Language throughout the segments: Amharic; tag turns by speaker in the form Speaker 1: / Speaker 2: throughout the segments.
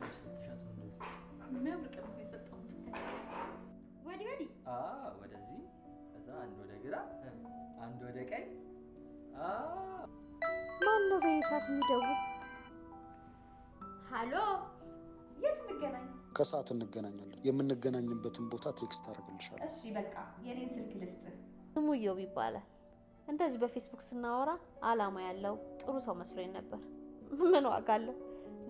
Speaker 1: ልብስ ወዲህ ወዲህ፣ ወደዚህ፣ ከዛ አንድ ወደ ግራ፣ አንድ ወደ ቀኝ።
Speaker 2: ማን ነው በየሰዓት የሚደውል? ሀሎ፣ የት እንገናኝ? ከሰዓት
Speaker 1: እንገናኛለን። የምንገናኝበትን ቦታ ቴክስት አደርግልሻለሁ። እሺ፣
Speaker 2: በቃ የኔን ስልክ ልስጥህ። ስሙየው ይባላል። እንደዚህ በፌስቡክ ስናወራ አላማ ያለው ጥሩ ሰው መስሎኝ ነበር። ምን ዋጋ አለው?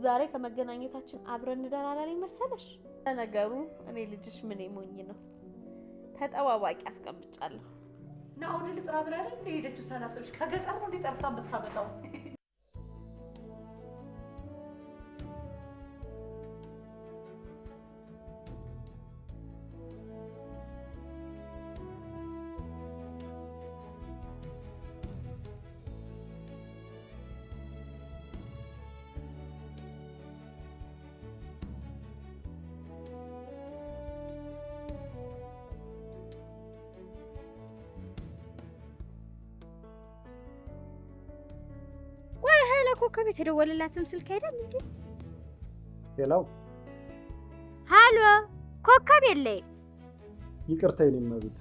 Speaker 2: ዛሬ ከመገናኘታችን አብረን እንደን አላለኝ መሰለሽ? ለነገሩ እኔ ልጅሽ ምን ሞኝ ነው፣ ተጠባባቂ አስቀምጫለሁ። ናሁን ልጥራ ብላለች እንደሄደችው ሰላሰዎች ከገጠር ነው እንዲጠርታ የምታመጣው እኮ ኮከብ የተደወለላትም ስልክ አይደል እንዴ? ሄላው ሃሎ፣ ኮከብ የለይ።
Speaker 1: ይቅርታ የኔ እመቤት፣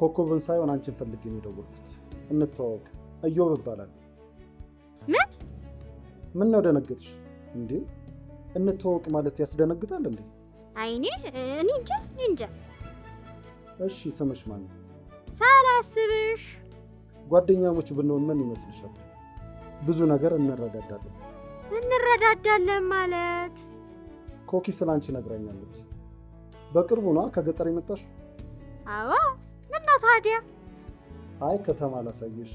Speaker 1: ኮከብን ሳይሆን አንቺን ፈልጌ ነው የደወልኩት። እንተዋወቅ፣ እዮብ እባላለሁ። ምን ምን ነው ደነገጥሽ እንዴ? እንተዋወቅ ማለት ያስደነግጣል
Speaker 2: እንዴ? አይኔ እኔ እንጃ እኔ እንጃ።
Speaker 1: እሺ ስምሽ ማን
Speaker 2: ነው? ሳላስብሽ
Speaker 1: ጓደኛሞች ብንሆን ምን ይመስልሻል? ብዙ ነገር እንረዳዳለን።
Speaker 2: እንረዳዳለን ማለት
Speaker 1: ኮኪ ስለ አንቺ በቅርቡ ነዋ ከገጠር የመጣሽ?
Speaker 2: አዎ። እና ታዲያ?
Speaker 1: አይ ከተማ ላሳየሽ፣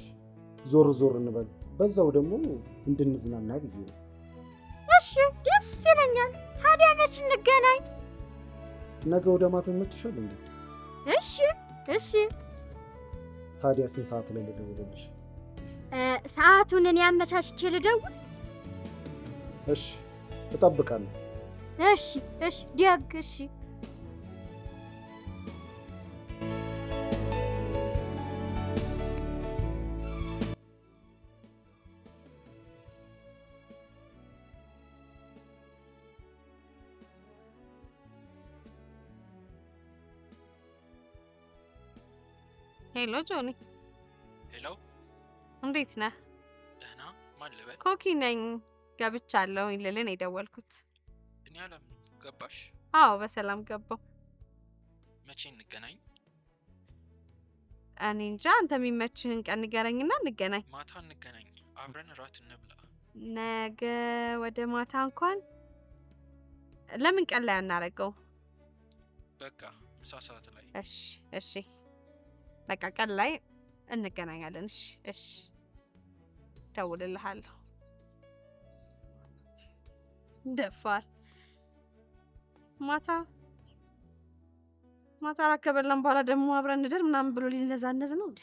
Speaker 1: ዞር ዞር እንበል፣ በዛው ደግሞ እንድንዝናና ብዬ ነው።
Speaker 2: እሺ ደስ ይለኛል። ታዲያ መች እንገናኝ?
Speaker 1: ነገ ወደ ማታ ይመችሻል እንዴ?
Speaker 2: እሺ እሺ።
Speaker 1: ታዲያ ስንት ሰዓት ላይ ልደውልልሽ?
Speaker 2: ሰዓቱን እኔ አመቻችቼ ልደውል።
Speaker 1: እሺ፣ እጠብቃለሁ።
Speaker 2: እሺ፣ እሺ፣ ደግ እሺ። ሄሎ ጆኒ እንዴት ነህ?
Speaker 3: ደህና። ማን ልበል? ኮኪ
Speaker 2: ነኝ። ገብቻለሁ ልልን የደወልኩት።
Speaker 3: እኔ አለም ገባሽ? አዎ
Speaker 2: በሰላም ገባው።
Speaker 3: መቼ እንገናኝ?
Speaker 2: እኔ እንጃ። አንተ የሚመችህን ቀን ንገረኝና
Speaker 3: እንገናኝ። ማታ እንገናኝ፣ አብረን እራት እንብላ።
Speaker 2: ነገ ወደ ማታ እንኳን ለምን ቀን ላይ አናረገው?
Speaker 3: በቃ ምሳ ሰዓት ላይ። እሺ
Speaker 2: እሺ፣ በቃ ቀን ላይ እንገናኛለን። እሺ እሺ። እደውልልሃለሁ። ደፋር ማታ ማታ እራት ከበላን በኋላ ደግሞ አብረን እንደር ምናምን ብሎ ሊነዛነዝ ነው እንዴ?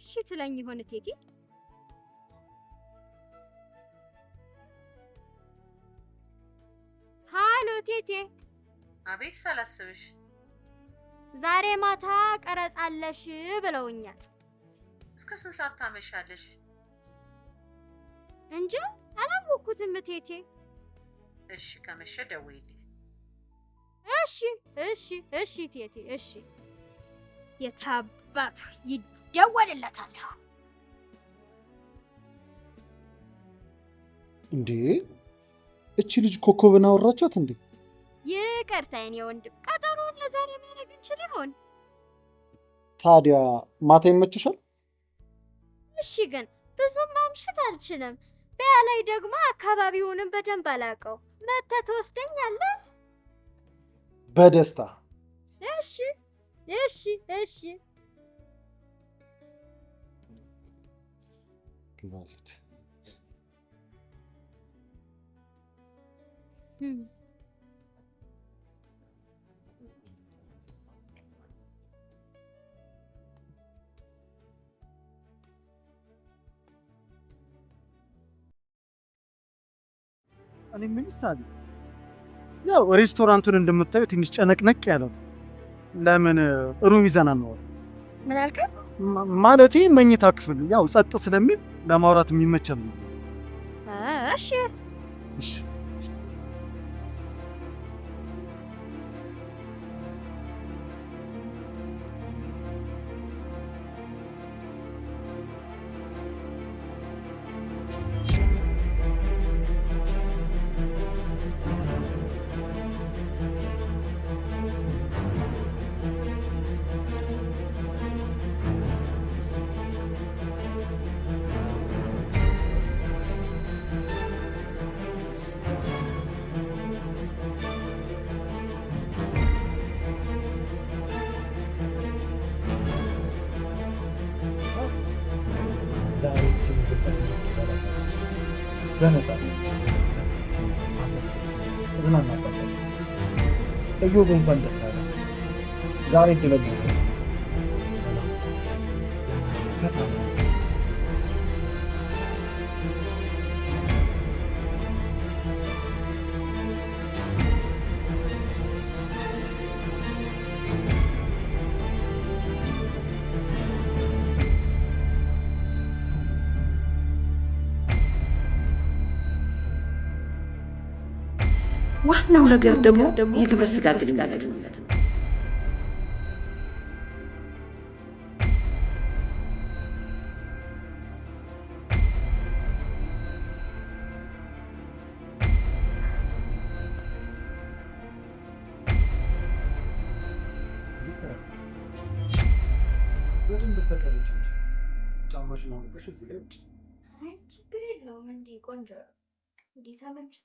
Speaker 2: እሺ ትለኝ ይሆን እቴቴ? ሃሎ ቴቴ።
Speaker 4: አቤት ሳላስብሽ
Speaker 2: ዛሬ ማታ ቀረጻለሽ ብለውኛል።
Speaker 4: እስከ ስንት ሰዓት ታመሻለሽ?
Speaker 2: እንጂ አላወኩትም እቴቴ።
Speaker 4: እሺ ከመሸ ደውይልኝ።
Speaker 2: እሺ እሺ እሺ እቴቴ እሺ። የታባቱ ይደወልለታል።
Speaker 1: እንዴ እቺ ልጅ ኮከብን አወራቻት እንዴ?
Speaker 2: ይቅርታ የኔ ወንድም ቀጠሮን ለዛሬ ይችል ይሆን?
Speaker 1: ታዲያ ማታ ይመችሻል?
Speaker 2: እሺ፣ ግን ብዙም ማምሸት አልችልም። በያ ላይ ደግሞ አካባቢውንም በደንብ አላውቀው። መተህ ትወስደኛለህ? በደስታ። እሺ፣ እሺ፣ እሺ።
Speaker 1: ማለት እኔ ምን ይሳል ያው ሬስቶራንቱን እንደምታዩ ትንሽ ጨነቅነቅ ያለ ነው። ለምን ሩም ይዘና ነው ምን አልከ? ማለቴ መኝታ ክፍል ያው ጸጥ ስለሚል ለማውራት የሚመቸል ነው። እሺ እሺ nagbubumbang dasal. Bakit tulad nito? Sana, sana,
Speaker 2: ዋናው ነገር ደግሞ የግብረ ስጋ ግንኙነት ነው። ቆንጆ እንዲህ ተመችቶ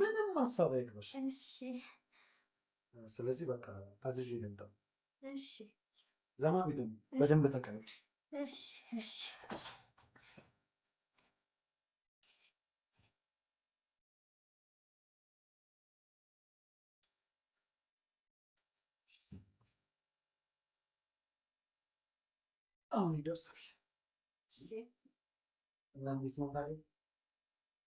Speaker 2: ምንም ሀሳብ አይግባሽ። እሺ።
Speaker 1: ስለዚህ በቃ ታዝዤ
Speaker 2: ልምጣ። እሺ።
Speaker 1: ዘማ ቢደም በደንብ ተቀመጭ።
Speaker 2: እሺ፣ እሺ።
Speaker 1: አሁን ይደርሳል እና እንዴት ነው ታዲያ?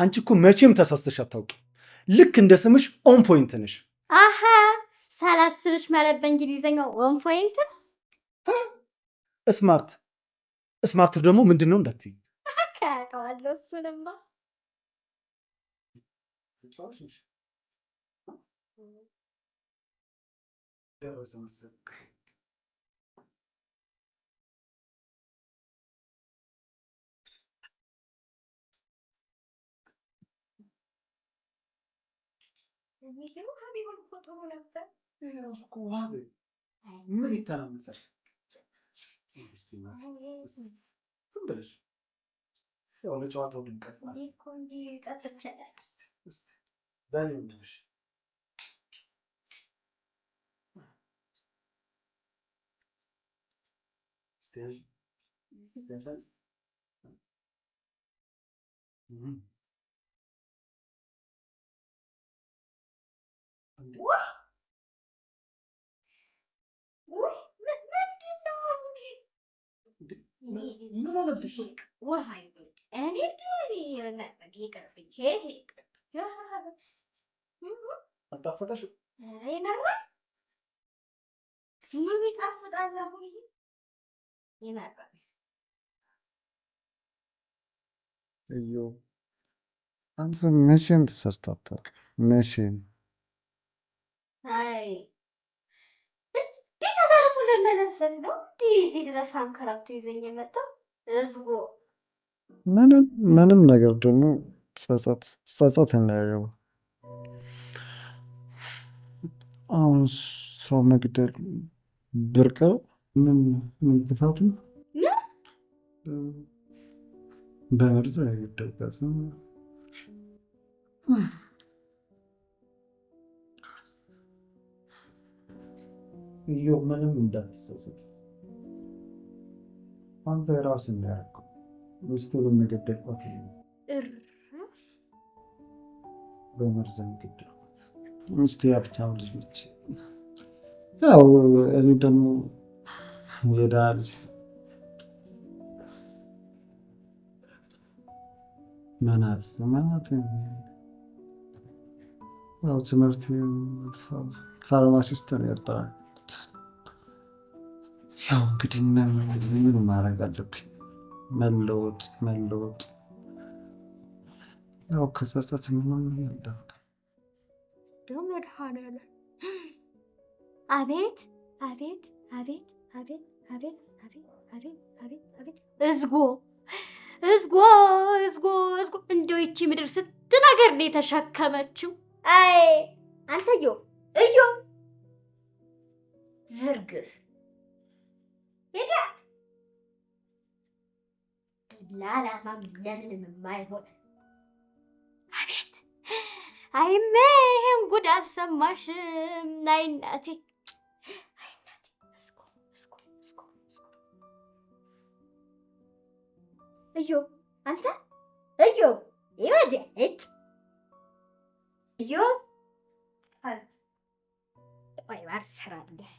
Speaker 1: አንቺ እኮ መቼም ተሳስተሽ አታውቂ። ልክ እንደ ስምሽ ኦን ፖይንት
Speaker 2: ነሽ። አሀ ሳላስብሽ ማለት በእንግሊዘኛው ኦን ፖይንት
Speaker 1: ስማርት። ስማርት ደግሞ ምንድን ነው
Speaker 2: እንዳትዪ። አውቀዋለሁ እሱንማ።
Speaker 1: ደረሰ መሰለኝ
Speaker 2: ሚገቡ ሀቢብ ፎቶ ነበር። ራሱ እኮ
Speaker 1: ዋብ ምን ይተናነሳል? ዝም ብለሽ ያው ለጨዋታው
Speaker 2: ድምቀት ማለት
Speaker 1: ነው። አንተ መቼም ተሰርቶ መቼም
Speaker 2: አይ እንዴት ለመለሰን ነው እዚህ ድረስ ይዘኝ የመጣው እዝጎ
Speaker 1: ምንም ምንም ነገር ደግሞ ጸጸት ጸጸት አሁን ሰው መግደል ብርቅ ምን ምን ጥፋት ነው? ኢዮብ ምንም እንዳልተሰሰት አንተ ራስ እንዳያደርገው ሚስቱንም
Speaker 2: የገደልኳት እራፍ
Speaker 1: በመርዘም ገደልኳት። ሚስቴ ሀብታም ልጅ ነች። ያው እኔ ደግሞ የድሃ ልጅ መናት መናት ያው ትምህርት ፋርማሲስት ነው ያጠራል ያው እንግዲህ ምን ማድረግ አለብኝ? መለወጥ መለወጥ ያው ከጸጸት ምንም ያዳርግ
Speaker 2: ደግሞ መድኃኔዓለም አቤት አቤት አቤት አቤት አቤት አቤት አቤት አቤት አቤት እዝጎ እዝጎ እዝጎ እዝጎ እንደው ይቺ ምድር ስት ነገር ነው የተሸከመችው። አይ አንተዮ እዮ ዝርግፍ رجع لا لا ما بنعمل من ماي هو አቤት አይሜ ይሄን ጉድ አልሰማሽም? ናይ እናቴ አይ እናቴ እስኮ እስኮ እስኮ እስኮ እዩ አንተ እዩ ይወድ እጭ እዩ ቆይ ባር ሰራለህ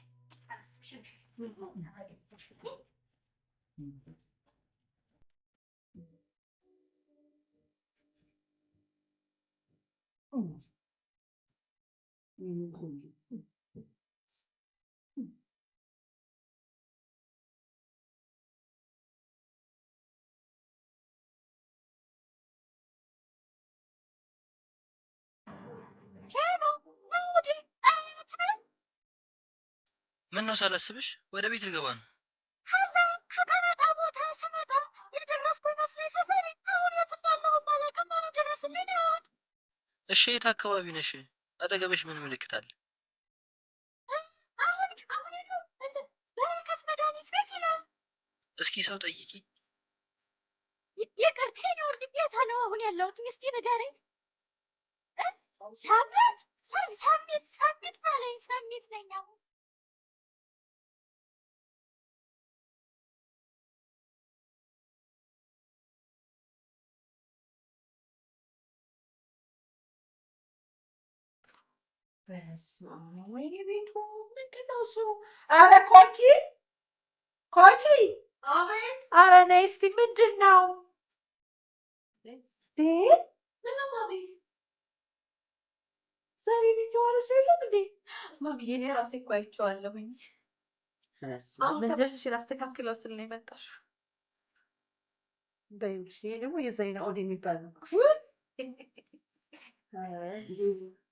Speaker 3: ምን ነው ሳላስብሽ ወደ ቤት ልገባ ነው እሺ የት አካባቢ ነሽ? አጠገብሽ ምን ምልክት አለ? እስኪ ሰው ጠይቂ።
Speaker 2: ይቅርታ የወርድ ቤታ ነው አሁን ያለሁት። እስኪ ንገረኝ። ሳሚት ሳሚት ሳሚት ማለኝ ሳሚት ነኝ አሁን ወይኔ ቤቱ ምንድን ነው እሱ? ኧረ ኮኪ ኮኪ፣ ኧረ ነይ እስኪ ምንድን ነው? ዛሬ ቤት የዋለ የለም እንዴ? ማሚዬ፣ እኔ ራሴ እኮ አይቼዋለሁኝ። አሁን ተመልሼ ላስተካክለው ስል ነው የመጣሽው። በይው፣ ይሄ ደግሞ የዘይና ኦድ የሚባል ነው።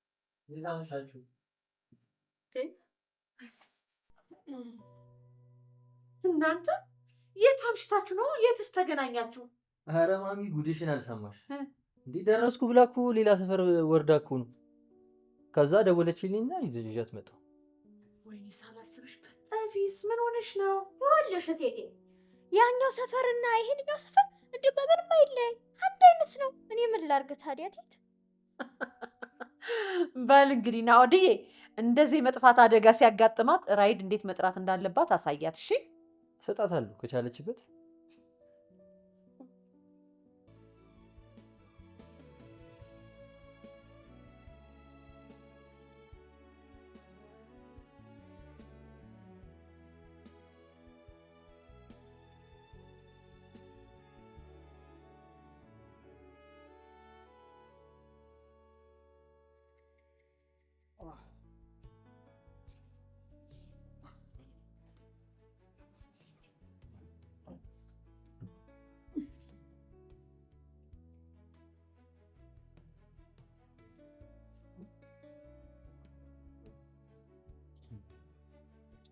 Speaker 2: እናንተ የት አምሽታችሁ ነው? የትስ ተገናኛችሁ?
Speaker 1: ኧረ ማሚ ጉድሽን አልሰማሽ እንዴ? ደረስኩ ብላ እኮ ሌላ ሰፈር ወርዳ እኮ ነው። ከዛ ደወለችልኝና ይዘሽ መጣ መጣሁ።
Speaker 2: ወይኔ ሳላስብሽ በጠፊስ ምን ሆነሽ ነው? ይኸውልሽ እቴቴ ያኛው ሰፈርና ይሄንኛው ሰፈር እንዲሁ በምንም አይለያይ፣ አንድ አይነት ነው። እኔ ምን ላድርግ ታዲያ ቴት በል እንግዲህ ናኦድዬ እንደዚህ መጥፋት አደጋ ሲያጋጥማት ራይድ እንዴት መጥራት እንዳለባት አሳያት።
Speaker 1: እሺ፣ እሰጣታለሁ ከቻለችበት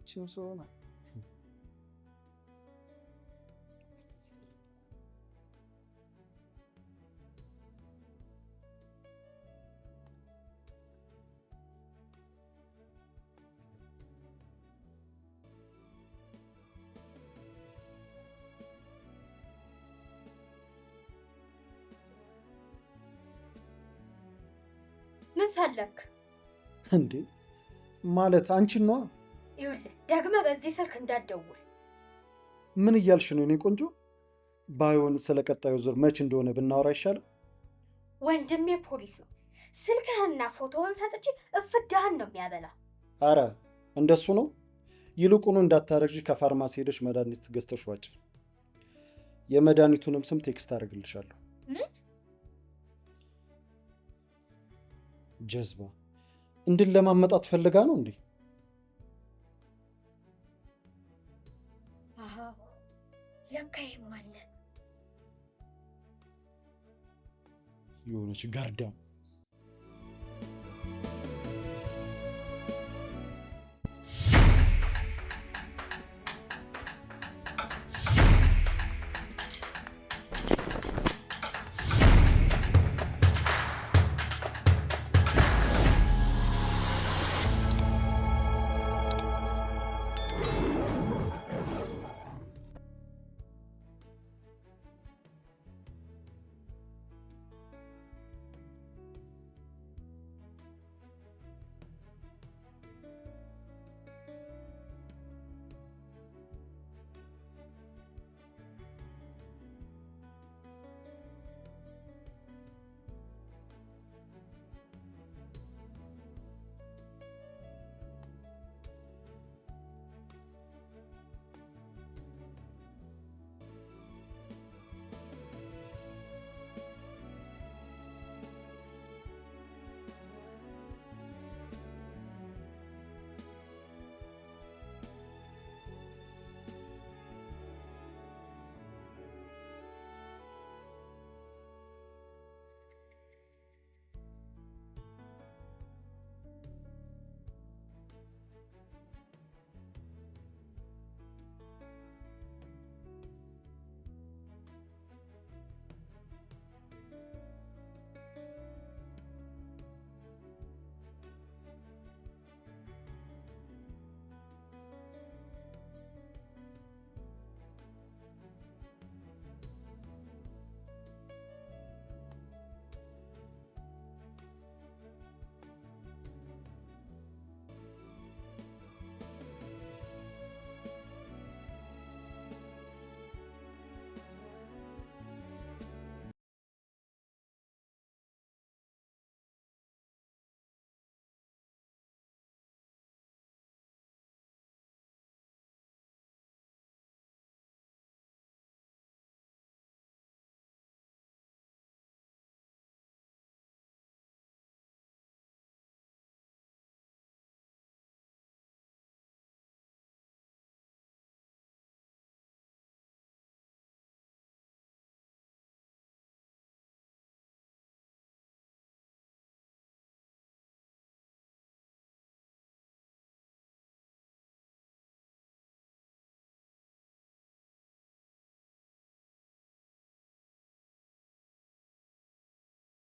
Speaker 1: içim um soğuma.
Speaker 2: ምን
Speaker 1: እንዴ? ማለት አንቺን ነዋ።
Speaker 2: ይኸውልህ ደግመህ በዚህ ስልክ እንዳትደውል።
Speaker 1: ምን እያልሽ ነው የኔ ቆንጆ? ባይሆን ስለ ቀጣዩ ዙር መቼ እንደሆነ ብናወራ አይሻልም?
Speaker 2: ወንድሜ ፖሊስ ነው። ስልክህንና ፎቶውን ሰጥቼ እፍዳህን ነው የሚያበላ።
Speaker 1: አረ እንደሱ ነው። ይልቁኑ እንዳታረግዢ ከፋርማሲ ሄደሽ መድኃኒት ገዝተሽ ዋጭ። የመድኃኒቱንም ስም ቴክስት
Speaker 2: አደርግልሻለሁ። ምን
Speaker 1: ጀዝባ እንድን ለማመጣት ፈልጋ ነው እንዴ?
Speaker 2: ለካ ይሄም አለ
Speaker 1: የሆነች ጋርዳም።